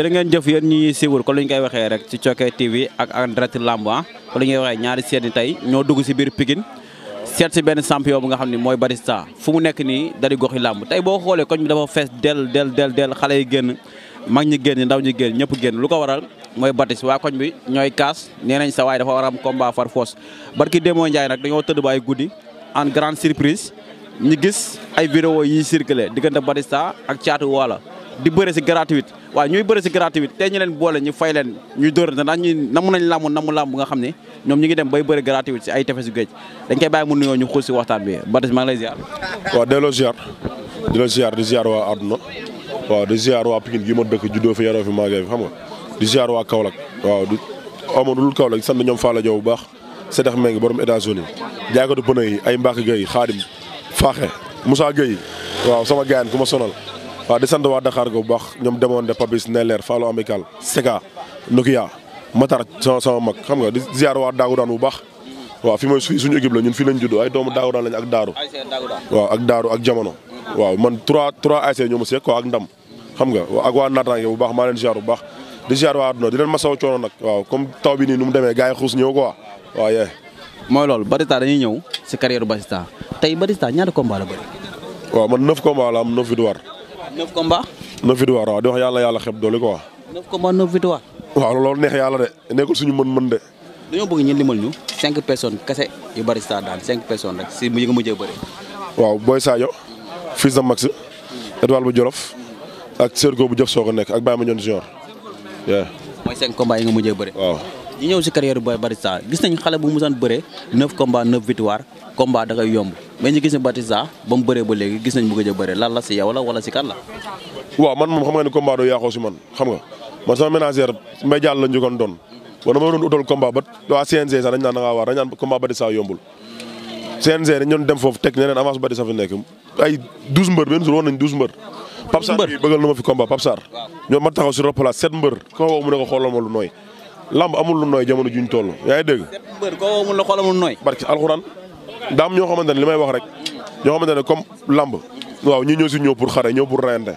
jërëngën jëf yeen ñi siiwul ko luñ koy waxé rek ci Thioké TV ak Andrat Lamba ah. ko luñ ñuy waxee ñaari seet yi tey ñoo dugg ci biir pigine sét ci benn champion bu nga xamni moy barista fu mu nekk ni dali goxi lamb tay bo xolé koñ bi dafa fess del del del del xalé yi génn mag ñi génn ndaw ñi génn ñepp génn lu ko waral moy batis wa koñ bi ñoy kaas nee nañ sa way dafa waram combat far force barki Démo ndjay nak dañoo teud baay goudi en grande surprise ñi gis ay vidéo yi circuler diggante barista ak caatu Wala di bëre si gratuite waaw ñuy bëre si gratuite te ñu leen boole ñu fay leen ñu dóor na ñu namu nañ làmb namu làmb nga xam ne ñoom ñu ngi dem bay bëre gratuite si ay tefesu géej dañ koy bàyyi mu nuyoo ñu xuus si waxtaan bi Batès maa ngi lay ziar. waaw delloo ziar di la ziar waa àdduna waaw di ziar waa Pikine gi ma dëkk juddoo fi yaroo fi màggee fi xam nga di ziar waa Kaolack waaw di amadul Kaolack sant ñoom Fallou Diop bu baax Séddax Meng borom États-Unis jaagatu pënë yi ay Mbacke Gueye Xaadim Faxe Moussa Gueye waaw sama gaayan ku ma sonal wa di sant wa Dakar go bax ñom demone de Papis neler Fallou Amical sega Nokia Matar sama sama mag xam nga di ziar wa dagudan bu bax wa fi moy suñu équipe la ñun fi lañ judd ay doomu dagudan lañ ak daru wa ak daru ak Jamono wa man 3 3 ac ñom ma ko ak ndam xam nga ak wa naataange bu bax ma len ziar bu baax di ziar wa àdduna di len massaw choono nak wa comme taw bi ni num mu gaay xus ñew xuus ñëw quoi waaw yee mooy loolu Batista dañuy ñew ci carrière barista tay barista ñaar combat la bari wa man 9 combat la am 9 victoires 9 combats. 9 victoire waaw di wax yàlla yàlla xeb doole quoi. neuf combats neuf victoire. waaw loolu neex yàlla de nekkul suñu mën-mën de. dañoo bëgg ñu limal ñu cinq personnes kese yu bari saa daan cinq personnes rek si yi nga mujjee bëri. waaw Boy Sadio. fils de Max. Edouard bu Jolof. ak Sergo bu Jëf Soga nekk ak Baye Mandione Junior. mooy cinq combats yi nga mujjee bëri. waaw. ñu ñëw si carrière Boy Barista gis nañ xale bu mu musaan bëree neuf combats neuf victoire combat da koy yomb mais ñu gis ne Batista ba mu bëree ba léegi gis nañ mu gëj a bëree lan la si yow la wala si kan la. waaw man moom xam nga ni combat do yaaxoo si man xam nga man sama ménagère may jàll la ñu njëkkoon doon wala ma doon utal combat ba waa CNG sax dañ naan da ngaa war dañ naan combat Batista yombul. CNG dañ doon dem foofu teg ne leen avance Batista fi nekk ay 12 mbër benn jour woon nañ 12 mbër. pap sar bi bëggal na ma fi combat pap sar ñoom ma taxaw si replace 7 mbër ko woo mu ne ko xoolal ma lu nooy lamb amul lu nooy jamono juñ toll yaay ngi dégg. 7 mbër ko woo mu ne xoolal ma lu nooy barki alxuraan daam ñoo xamante ne li may wax rek ñoo xamante ne comme lamb waaw ñi ñëw si ñëw pour xare ñëw pour rayante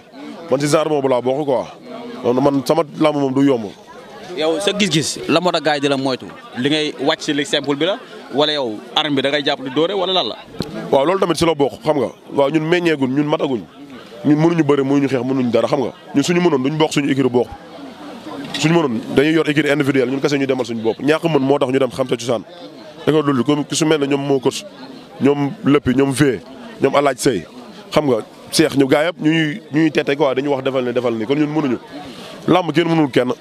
man si genre boobu laa bokk quoi man sama lamb moom du yomb. yow sa gis-gis la moo tax gars yi di la moytu li ngay wàcc si li simple bi la wala yow arme bi da ngay jàpp di dóore wala lan la. waaw loolu tamit si la bokk xam nga waaw ñun meññeeguñ ñun mataguñ ñun mënuñu bëri mënuñu xeex mënuñu dara xam nga ñun suñu mënoon duñ bokk suñu écurie bokk suñu mënoon dañuy yor écurie individuelle ñun kese ñu demal suñu bopp mën moo tax ñu dem xam sa cosaan danga dul comme su mel ñoom moo kos ñoom lëppi ñoom fee ñoom alaaj sëy xam nga seex ñu gaa yëpp ñu ñuy ñu ñuy tete quoi dañu wax defal ni defal ni kon ñun mënuñu làmb kenn mënul kenn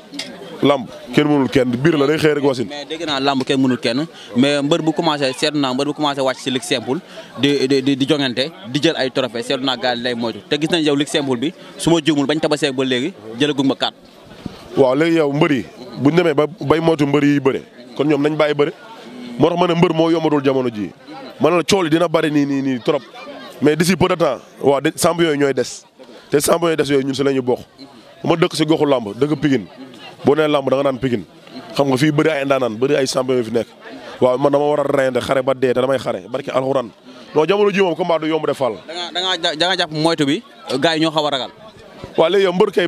làmb kenn mënul kenn biir la day xëy rek wasin mais dégg naa làmb kenn mënul kenn mais mbër bu commencé seetlu naa mbër bu commencé wàcc si lig simple di di di jongante di jël ay trophée seetlu naa gaa lay moytu te gis nañ yow lig simple bi su ma juumul bañ tabasee ba léegi jëlagum ma kaat waaw léegi yow mbër yi buñ demee ba bay moytu mbër yi bëre kon ñoom nañ bàyyi bëre moo tax ma ne mbër moo yombadul jamono ji ma ne la cool yi dina bëri nii nii nii trop mais d'ici peu de temps waaw de yooyu ñooy des te champion yooyu des yooyu ñun si la ñu bokk ma dëkk si goxu làmb dëkk Pikine boo nee làmb da nga naan Pikine xam nga fii bëri ay ndaanaan bëri ay champion yu fi nekk waaw man dama war a reyante xare ba dee te damay xare barki alxuraan non jamono ji moom combat du yomb de Fall. da nga da nga jàpp moytu bi gars yi ñoo xaw a ragal. waaw léegi mbër kay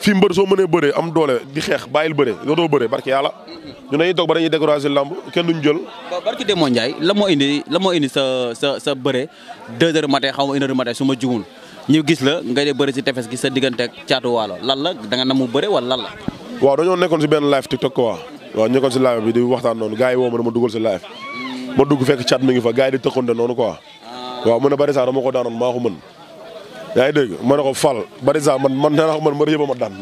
fii mbër soo mënee bëree am doole di xeex bàyyil bëree dootoo bëree barki yàlla ñu dañuy toog ba dañuy découragé lamb kenn duñ jël. barki Demba Ndiaye la moo indi la moo indi sa sa sa bëre deux heures matin xaw ma une heure ma jumul ñu gis la ngay dee bëri si tefes gi sa diggante caatu waalo lan la da nga namu bëre wala lan la. waaw dañoo nekkoon si benn live TikTok quoi waaw ñu nekkoon si live bi di waxtaan noonu gars yi woo ma dama dugal si live ma dugg fekk caat mi ngi fa gars yi di tëkkante noonu quoi ah. waaw mën a bëri sax dama ko daanoon maa ko mën yaa ngi dégg ma ne ko Fall bari sax man man nee naa ko man ma daan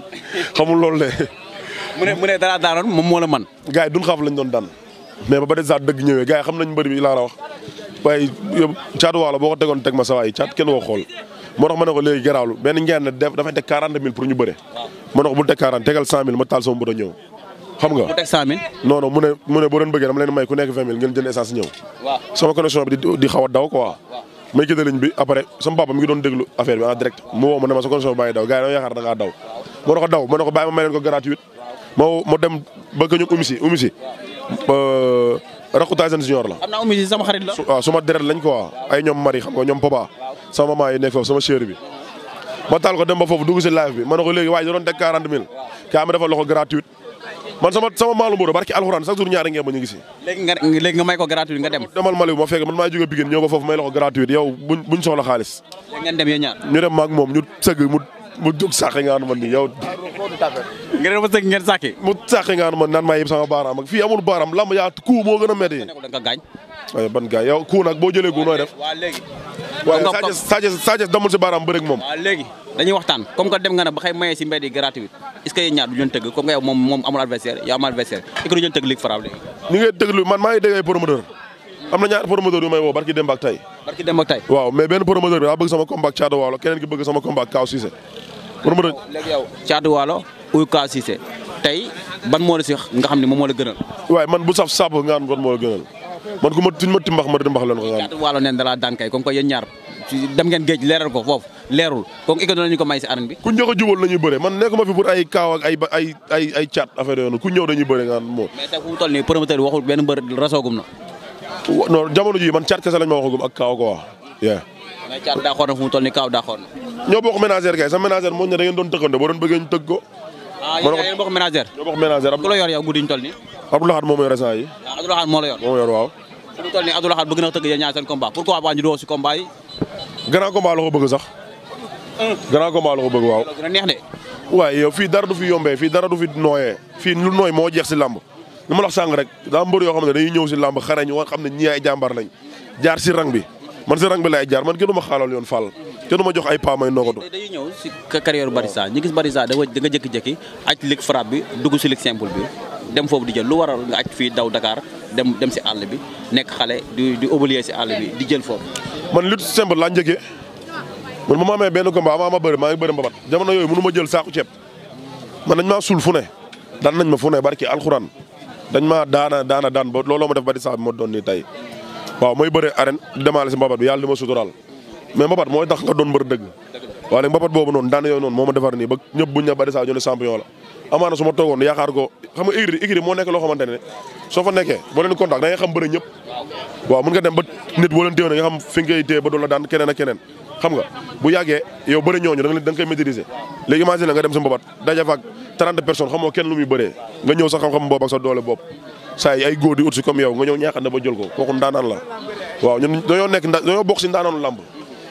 xamul loolu de. mu ne dara daanoon moom moo la man gars yi duñ xaaf lañ doon daan mais ba bari sax dëgg ñëwee gars yi xam nañ mbër bi la wax waaye yow waalo boo ko tegoon teg ma sa waay kenn woo xool ma benn ngeen taal sama mbër a ñëw. xam nga mu teg 100000. non non mu ne mu ne boo doon bëggee dama leen may ku nekk 20000 ngeen jënd essence ñëw. sama connexion di di xaw a daw may gis liñ bi après sama papa mi ngi doon déglu affaire bi en direct mu woo ma ne ma sa condition bàyyi daw gars yi dama yaakaar da ngaa daw ma ne ko daw ma ne ko bàyyi ma may ko gratuite moo dem ba ka ñoom umisi umisi rakuta seen la am naa umisi sama xarit la waaw su ah, ma deret ay ñoom mari xam nga ñoom papa sama maman yi nekk foofu sama chéri bi ma taal ko dem ba foofu dugg si live bi ma ne ko léegi waaye da doon teg 40 mille kaa mi dafa loxo gratuite man sama sama maalu mbuur barki alxuraan chaque jour ñaari ngeen ma ñu ngi si léegi nga léegi nga may ko gratuit nga demal Mali ma fekk man maa jóge Bigéen ñoo ko foofu may la ko gratuit yow buñ buñ xaalis ñu dem maag moom ñu sëgg mu mu jóg sàqi ngaan man ni yow ngeen dama ngeen sàqi mu sàqi ngaan naan maa sama baaraam ak fii amul baaraam lamb yaa kuu moo gën a métti waaye ban gars yow ku nag boo jëlee ku nooy def. waaw léegi waaye Sa Thiès Sa damul si baaraam bëri ak moom. waaw dañuy waxtaan comme que dem nga ne ba xëy maye si mbedd gratuit est ce que ñaar du ñu tëgg comme yow moom moom amul adversaire yow amul adversaire est ñu tëgg Ligue Fra léegi. ñu ngi man promoteur ñaar promoteur yu may barki barki mais promoteur bëgg sama combat ak Walo keneen ki bëgg sama combat Kaw Cissé. promoteur léegi yow Walo ou Kaw Cissé tey ban moo la si nga xam ne moom la gënal. waaye man bu saf la gënal man ku ma tuñ ma timbax ma timbax leen ko gaan waalo neen dalaa daan kay comme que yéen ñaar dem ngeen géej leeral ko foofu leerul kon iko nañu ko may si man nekkuma fi pour ay kaaw ak ay ay ay ay caat affaire yoonu ku ñëw dañuy bëre ngaan moom mais kay sa ménagère moo ne doon tëkkante boo doon bëggee ñu tëgg ko ah yéen bokk ménagère ku la yor yow guddi ñu nii Abdou Lahad moo la yor. moo yor waaw. su ñu toll nii Abdou Lahad bëgg na tëgg yéen ñaar seen combat pourquoi waa ñu doon si combat yi. grand combat la ko bëgg sax. grand combat la ko bëgg waaw. a neex de. waaye yow fii dara du fi yombee fii dara du fi nooyee fii lu nooy moo jeex si làmb ni ma la wax sàng rek daa mbër yoo xam ne dañuy ñëw si làmb xarañ woon xam ne ñii ay jàmbaar lañ jaar si rang bi man si rang bi laay jaar man kenn du ma xaalal yoon fàll kenn du ma jox ay paa may nogatu dañuy ñëw si carrière Barissa ñu gis Barissa da nga jékki-jékki aj lig frappe bi dugg si lig bi dem foofu di jël lu waral nga aj fii daw dakaar dem dem si àll bi nekk xale di di oublier si àll bi di jël foofu. man lutte simple laa njëkkee man bu ma amee benn combat avant ma bëri maa ngi bëri mbabat jamono yooyu mënu ma jël saako ceeb man dañ maa suul fu ne daan nañ ma fu ne barki alxuraan dañ maa daana daana daan ba looloo ma def ba di saa bi ma doon nii tey waaw mooy bëri arène demaale si mbabat bi yàlla li ma suturaal mais mbabat mooy tax nga doon mbër dëgg. waaw léegi mbabat boobu noonu daan yooyu moo ma defar nii ba ñëpp amana suma togon yaakar yaakaar ko xam nga écurie écurie mo nek lo xamantene so fa nekke bo len contact da nga xam beure ñep waaw mun nga dem ba nit boo leen na nga xam fi ngay téye ba do la daan keneen ak keneen xam nga bu yagge yow beure ñooñu da nga da nga koy maîtriser léegi imagine la nga dem sa mbabat dajja fak 30 personnes xamoo kenn lu muy beure nga ñew sa xam-xam boobu ak sa doole bopp say ay goor di ut comme yow nga ñew ñaaxal na ba jël ko kokku ndaanaan la waaw ñun dañu nek dañu bokk si ndaanaanu làmb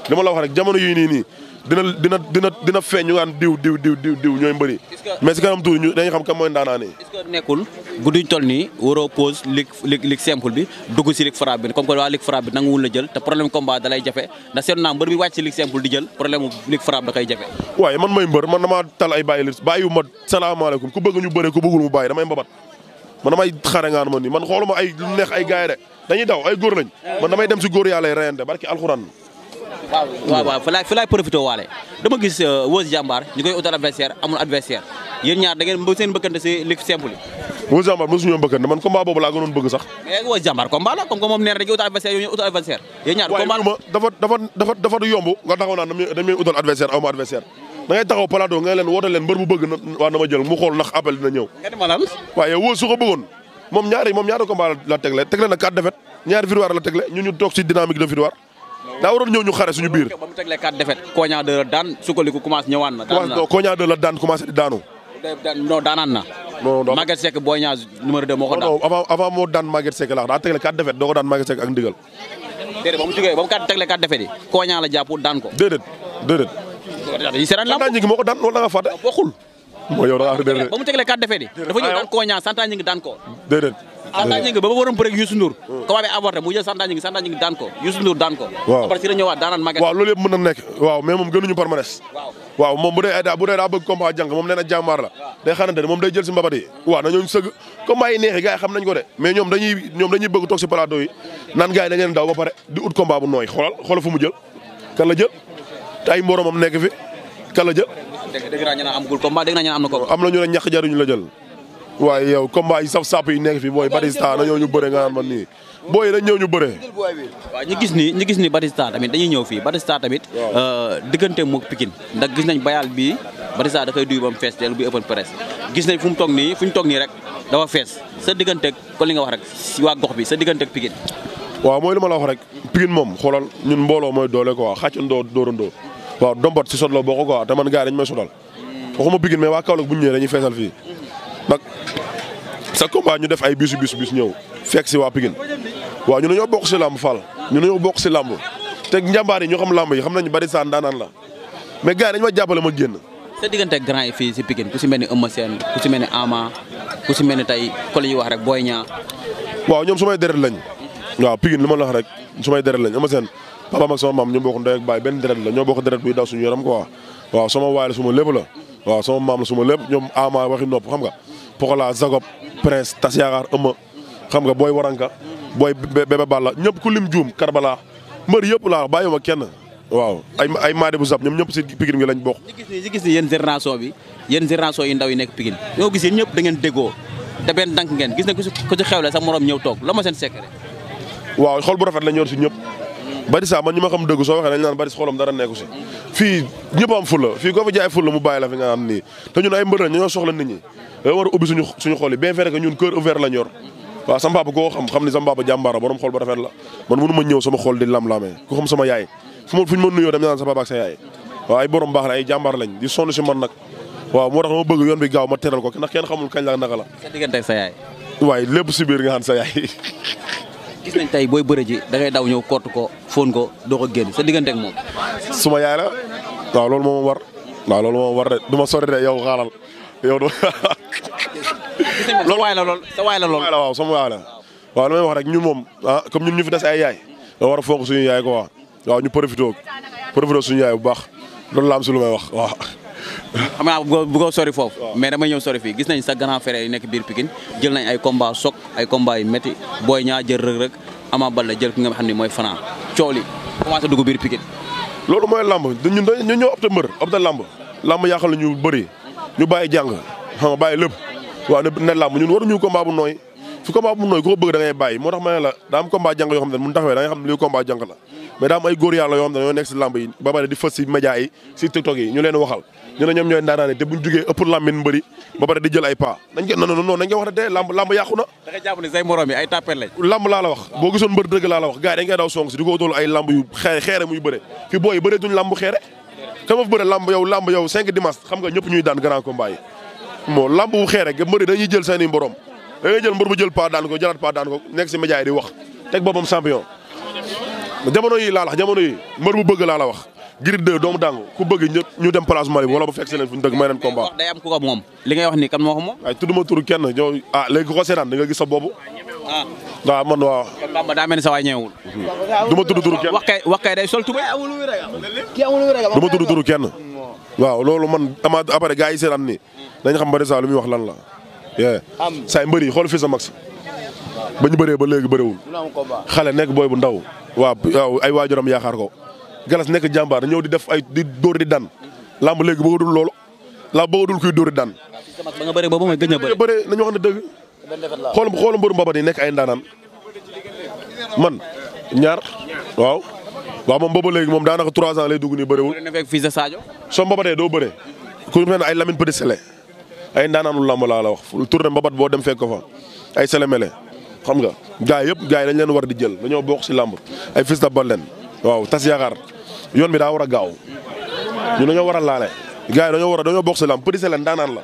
la wax rek jamono yu ni ni dina dina dina dina feeñ diw diw diw diw diw ñooy mbëri mais si kanam tuuti ñu dañuy xam kan mooy ndaanaan yi. est-ce toll nii waroo pose lig lig bi dugg si lig frappe bi comme que waa lig frappe bi nanguwul la jël te problème combat da lay jafe ndax seetlu naa mbër bi wàcc si lig simple di jël problème mu lig frappe da koy jafe. waaye man may mbër man damaa tal ay bàyyi lis bàyyi wu ma salaamaaleykum ku bëgg ñu bëree ku bëggul mu bàyyi damay mbabat man damay xare ngaan ma nii man xooluma ay neex ay gaay de dañuy daw ay góor lañ ah. man waaw waaw fa laay fa laay profité waale dama gis euh, wos Jambar ñu koy utal adversaire amul adversaire yeen ñaar da ngeen ba seen bëkkante ci lik simple wos Jambar mësu ñu bëkkante man combat bobu la gënon bëgg sax ngay wos Jambar combat la comme que moom nee na da ngeen utal adversaire yooyu outal adversaire yeen ñaar combat dafa dafa dafa dafa du yomb nga taxaw naan dañ may outal adversaire amul adversaire da ngay taxaw plateau nga leen wotal leen mbeur bu bëgg wa dama jël mu xol nak appel dina ñëw wa yow wos su ko bëggoon moom ñaari mom ñaari combat la tegle tegle na quatre défaites ñaar viroir la tegle ñun ñu tok ci dynamique de viroir daa waroon ñëw ñu xare suñu biir. ba mu tegle quatre défaites. Kogna de daan sukkandiku commencé ñëwaat na. daan na Kogna de la daan commencé moo ko daan. non avant moo daan Maguette Seck laax daa tegle quatre défaites doo ko daan Maguette Seck ak ndigal. ba mu jugee ba mu daan ko. déedéet déedéet. yi sereen lamb moo ko daan loolu da nga fàtte bokkul. ba mu tegle quatre défaites yi ah, daan Kogna santaa ñi daan ko santan ñing ba waron bëre Youssou Ndour combat bi avorté mu jël santan ñing dan ñing daan ko Youssou Ndour daan ko après ci la ñëwaat daanan magal waaw loolu yëpp mën na nekk waaw mais moom gënuñu palmarès waaw moom bu dee bu dee daa bëgg combat jàng moom nee na jàmbaar la day xamante ne moom day jël si mbabat yi waaw na ñooñu sëgg combat yi neexi gars xam nañ ko de mais ñoom dañuy ñoom dañuy bëgg toog si plateau yi naan gars da ngeen daw ba pare di ut combat bu nooy xoolal xoolal fu mu jël kan la jël te ay mboromam nekk fi kan la jël dégg naa ñu naan amagul combat dégg naa ñu am na combat am na ñu ne ñàkk jaruñu la jël waaye yow comme combat yi saf sàpp yi nekk fi mooy Batista na ñëw ñu bëre nga naan ma nii booy dañ ñëw ñu bëre. waaw ñu gis ni ñu gis ni Batista tamit dañuy ñëw fii Batista tamit. Euh, diggante moog pikin ndax gis nañ bayal bii Batista dafay duy ba mu fees dellu bi open press gis nañ fu mu toog nii fu ñu toog nii rek dafa fees sa diggante kon li nga wax rek si waa gox bi sa diggante ak Pikine. waaw mooy li ma la wax rek Pikine moom xoolal ñun mbooloo mooy doole quoi xàccandoo dóorandoo waaw dombat si sotloo boo ko quoi te man gars yi dañu may sotal waxuma waa Kaolack bu ñu ñëwee dañuy ndax sa combat ñu def ay bisu bisu bis ñëw fekk si waa Pikine waaw ñu dañoo bokk si làmb Fall ñu dañoo bokk si làmb te njàmbaar yi ñoo xam làmb yi xam nañu bari saan daanaan la mais gars yi dañu ma jàppale ma génn. sa diggante grand yi fii si Pikine ku si mel ni Eumeu Sène ku si mel ni Ama ku mel ni tey ko la ñuy wax rek Boy Niang. waaw ñoom sumay deret lañ waaw Pikine li ma lax rek sumay deret lañ Eumeu Sène papaam ak sama maam ñu bokk ndey baay benn deret la ñoo bokk deret buy daw suñu yaram quoi waaw sama suma lépp la waaw sama maam suma lépp ñoom Ama waxi nopp xam nga Pokola Zagop Prince Tas Yaakaar Ëmma xam nga booy Waranka booy Bébé Balla ñëpp ku lim juum Karbala mbër yëpp laa bàyyiwuma kenn. waaw ay ay maade bu sab ñoom ñëpp si Pikine gi lañ bokk. ñu gis ni ñu gis ni yéen génération bi yéen génération yu ndaw yi nekk Pikine ñoo gis yéen ñëpp da ngeen déggoo te benn dànk ngeen gis na ku si xewle sa morom ñëw toog la ma seen secret. waaw xol bu rafet la ñor si ñëpp. Batista man ñi ma xam dëgg soo waxee dañ naan Batista xolam dara nekku si fii ñëpp am fulla fii koo fa jaay fulla mu bàyyi la fi nga am nii te ñun ay mbër lañ ñoo soxla nit ñi da war a ubbi suñu suñu xol yi bien vrai que ñun cœur ouvert la ñor waaw sama papa koo xam xam ni man mënu ma ñëw sama xol di lam-lamee ku xam ma fu ñu ma nuyoo dem naan sa papa ak sa yaay la ay jàmbaar lañ di sonn si man nag waaw moo tax ma bëgg yoon bi gaaw ma teral ko kenn xamul kañ la naka waaye lépp si biir nga xam sa yaay gis nañ tey booy bëre ji da ngay daw ñëw kott ko fóon ko doo ko génn sa diggante ak moom. suma yaay la waaw loolu moo ma war waaw loolu moo ma de du ma sori de yow xaaral yow du. loolu waay la lool sa waay la lool. waay la waaw sama waay la waaw li may wax rek ñun moom ah ñun ñu fi des yaay. doo war a foog suñu yaay quoi waaw ñu profité profité suñu yaay bu baax loolu la am si lu wax waaw. xam naa a ko sori foofu mais dama ñëw sori fii gis nañ sa grand frère yi nekk biir Pikine jël nañ ay combat sok ay combat yu métti Boy Niang jël Reug Reug Ama Baldé jël ki nga xam ni mooy Franc coow li commencé dugg biir Pikine loolu mooy lamb ñun dañu ñëw opte mbër lamb lamb yaaxal ñu bëri ñu bàyyi jàng xam nga bàyyi waaw ne lamb ñun waruñu combat bu nooy su combat bu nooy ko bëgg da ngay bàyyi moo tax ma ne la daa am combat jàng yoo xam ne mun taxawee da ngay xam ne lii combat jàng la mais ba pare di fës ñu leen waxal ñu ne ñoom ñooy ndaanaane te buñ jugee ëpp làmmin mbëri ba pare di jël ay pas nañ ko non non non nañ ko wax ne dee làmb làmb yàqu na da nga jàpp ne say morom yi ay tàppel lañ làmb laa la wax boo gisoon mbër dëgg laa la wax gars yi dañ koy daw song si di ko doolu ay làmb yu xeere muy bëre fi booy bëree duñ làmb xeere xam nga bëre làmb yow làmb yow cinq dimanche xam nga ñëpp ñuy daan grand combat yi moo làmb bu xeere mbëri dañuy jël seen i mborom da ngay jël mbër bu jël pas daan ko jëlaat pas daan ko nekk si média yi di wax teg boppam champion jamono yi laa la wax jamono yi mbër bu bëgg laa la wax Gris 2 doomu dangu ku bëgg ñëpp ñu dem place Mali wala bu fekk seen fu ñu may leen combat day ku ko moom li nga wax ni kan moo ko moom ay tudduma tur kenn ñoo ah léegi ku ko seetaan da nga gis sa bopp ah man waaw bamba daa mel ni sa waay ñeewul du ma tudd turu kenn kay wax kay day sol tubay tudd turu kenn waaw loolu man ama après gars yi seetaan ni dañ xam bari sa lu muy wax lan la yee saay mbër yi xool fi sa mag ba ñu bëree ba léegi bëriwul xale nekk booy bu ndaw waaw ay waajuram yaakaar ko galas nekk jàmbaar ñëw di def ay di dóor di daan làmb léegi bëggadul loolu làmb bëggadul kuy dóor di daan. ba nga bëree boobu mooy gëj na bëri nañu wax ne dëgg. xool xool mbëru mbabat yi nekk ay ndaanaan man ñaar waaw. waaw moom booba léegi moom daanaka trois ans lay dugg nii bëriwul. soo mbabatee doo bëre. ku mel ne ay Lamine Petit ay ndaanaanu làmb laa la wax tournée mbabat boo dem fekk ko fa ay Sélé Mélé xam nga gars yëpp gaay yi dañ leen war di jël dañoo bokk si lamb ay fiis de Balen waaw tas yaakaar yoon bi daa war a gaaw ñu dañoo war a laale gars yi dañoo war a dañoo bokk si lamb Petit Sélé daanaan la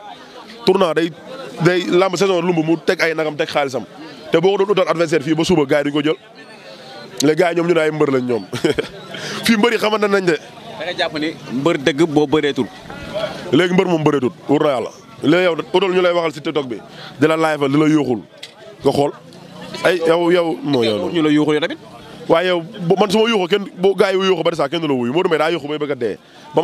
tournant day day lamb saison lumb mu teg ay nagam teg xaalisam te boo ko doon utal adversaire fii ba suba gars yi ko jël les gars ñoom ñu ne ay mbër lañ ñoom fii mbër yi xamante nañ de. da mbër dëgg boo bëreetul. léegi mbër moom bëreetul wóor na yàlla léegi yow utal ñu lay waxal si TikTok bi di la live di la yóoxul nga xool ay yow yow. non yow ñu la yóoxul yow waaye yow man su ma yuuxoo kenn bu gars yi yuuxoo ba kenn du la wuyu Modou daa yuuxu bay bëgg a dee ba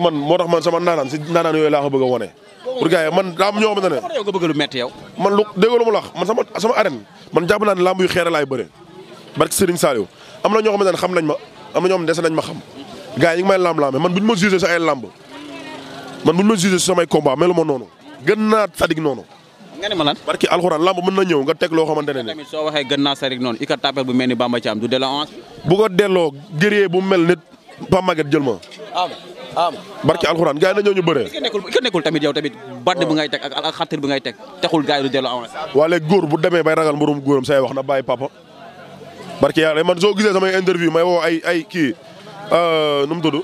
man moo tax man sama naanaan si naanaan yooyu laa ko bëgg a wane. pour gars yi daa am ñoo xamante ne. yow nga bëgg lu métti yow. man am na ñoo xamante ne xam nañ ma am na ñoo xam ne des nañ ma xam gars yi ñu ngi may lamb-lambe man buñu ma jugé si ay lamb man buñu ma jugé si samay combat melu ma noonu gën naa sadik noonu nga ne ma lan barki alxuraan lamb mën na ñëw nga teg loo xamante ne ne tamit soo waxee gën bu mel ni Bamba du delloo ans bu ko delloo gëree bu mel nit Pa Maguette jël ma am am barki alxuraan gars yi na ñëw ñu bëree i nekkul tamit yow tamit badd bi ngay teg ak xattir bi ngay teg texul gars yi du delloo ans waa léegi góor bu demee bay ragal mburum góoram say wax na bàyyi papa barki yàlla man soo gisee samay interview may woo ay ay kii euh, nu mu tudd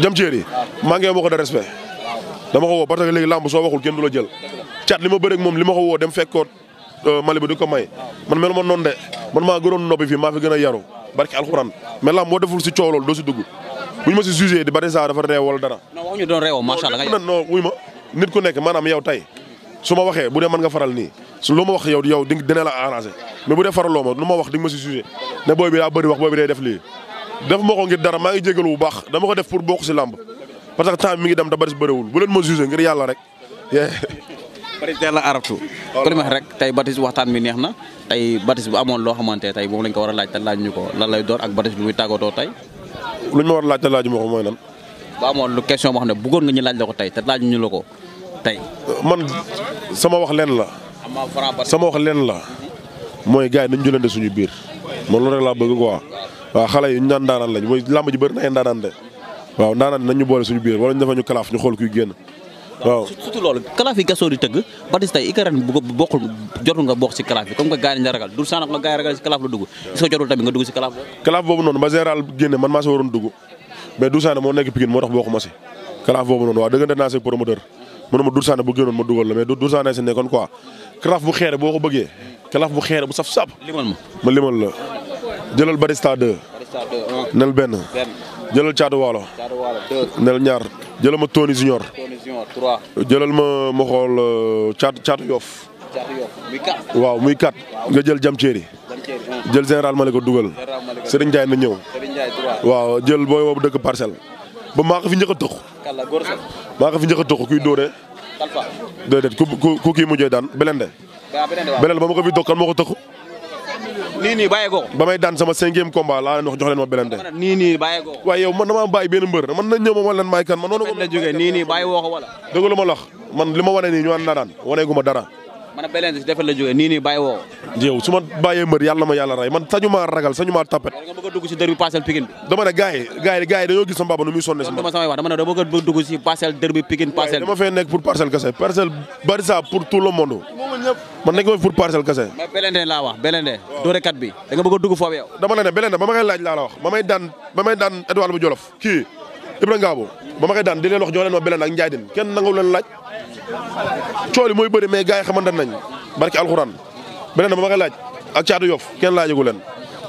jam ceer yi maa ngi wax ko de respect dama ko woo parce que soo waxul kenn du jël cat li ma bëreeg moom li ma ko woo dem fekkoon euh, Mali bi du ko may man melu ma noonu de man maa gënoon noppi fii maa fi gën a yaru barki alxuraan mais lam moo deful si coow loolu doo si dugg ma si jugé di bari saa dafa réew wala dara. non wax ñu doon réew macha allah nga non wuy ma nit ku nekk maanaam yow tey su ma waxee bu dee mën nga faral nii su lu ma wax yow yow di dina la arrangé mais bu dee faraloo ma lu ma wax di nga ma si jugé ne booy bi daa bëri wax booy bi day def lii def ma ngir dara maa ngi jégalu bu baax dama ko def pour bokk si làmb parce que temps mi ngi dem da bëri si bëriwul bu leen ma jugé ngir yàlla bari teel a arabtu rek tey batis waxtaan bi neex na tey batis bu amoon loo xamante tey moom lañ ko war a laaj te laaj ñu ko lan lay door ak batis lu tey lu ñu ma laaj te laaj ma ko mooy nan bu amoon lu question boo ne bëggoon nga ñu laaj la ko tey te laaj ñu la ko tey man sama wax leen la sama wax leen la mooy gars yi nañ jëlante suñu biir man lu rek laa bëgg quoi waa xale yi ñu naan ndaanaan lañ mooy làmb ji bëri na ndaanaan de waaw ndaanaan nañ ñu boole suñu biir wala ñu dafa ñu kalaaf ñu xool kuy waaw surtout loolu barista yi gasoo di tëgg Batista yi si kalaaf yi comme que si kalaaf la dugg est-ce si man maa si waroon dugg mais du sànq moo nekk Pikine moo tax bokkuma si kalaaf boobu noonu waaw dëggante naa si promoteur mënuma du sànq bu génnoon ma dugal 2 nel benn jëlal Walo nel ñaar jëlal Tony Junior non trois. jëlal ma ma xool caatu euh, caatu waaw muy quatre nga jël jam ceeri. jël général Malick ko dugal. Serigne Ndiaye na ñëw. Serigne Ndiaye waaw jël booy boobu dëkk parcelle. ba maa ko fi njëkk maa ko fi njëkk kuy dóore. kalfa déedéet ku kii mujjee daan Belende. waaw Belende ba ma ko fi toog nii nii bàyyi ko. ba may daan sama cinquième combat laa leen wax jox leen ma Belende. nii nii bàyyi ko. waaye yow man damaa bàyyi benn mbër man nañ ñëw ma ma leen may kan man noonu. la jógee nii nii bàyyi man li ma wane nii ñu naan daan waneegu ma dara man ak la jógee nii nii bàyyi woo. yow su ma bàyyee mbër yàlla ma yàlla rey man sañu maa ragal sañu maa tapet. a dugg si derbi Parcelles Pikine bi. dama ne dañoo gis sama baba nu sonne si man. dama samay wax dama ne dama bëgg a dugg si Parcelles derbi Pikine Parcelles. dama fee nekk pour Parcelles kese Parcelles bari saa pour tout le monde. man nekk daan ba may daan Edouard Jolof kii Ibrahima Ngabo daan di leen wax jox kenn nangaw leen cooli mooy bëri mais gars yi xamante nañ barki alxuraan beneen na ma nga laaj ak caatu yof kenn laajagu leen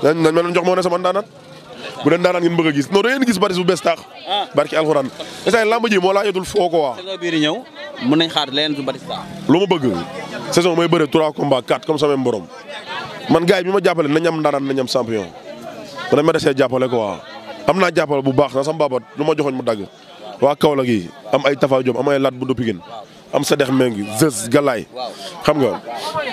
nañ nañ ma leen jox moo ne sama ndaanaan bu leen ndaanaan ngeen bëgg gis non da ngeen gis bari bu bees taax barki alxuraan instant lamb ji moo laajatul foo ko waa biir ñëw mën nañ lu ma bëgg saison mooy bëri 3 combats 4 comme sama borom man gars bi ma jàppale nañ am na nañ am ma danañ ma desee jàppale quoi am naa jàppale bu baax na sama baba lu ma joxoñ mu dagg waa Kaolack yi am ay Tafa Diop am ay am sa dex méng zës galaay xam nga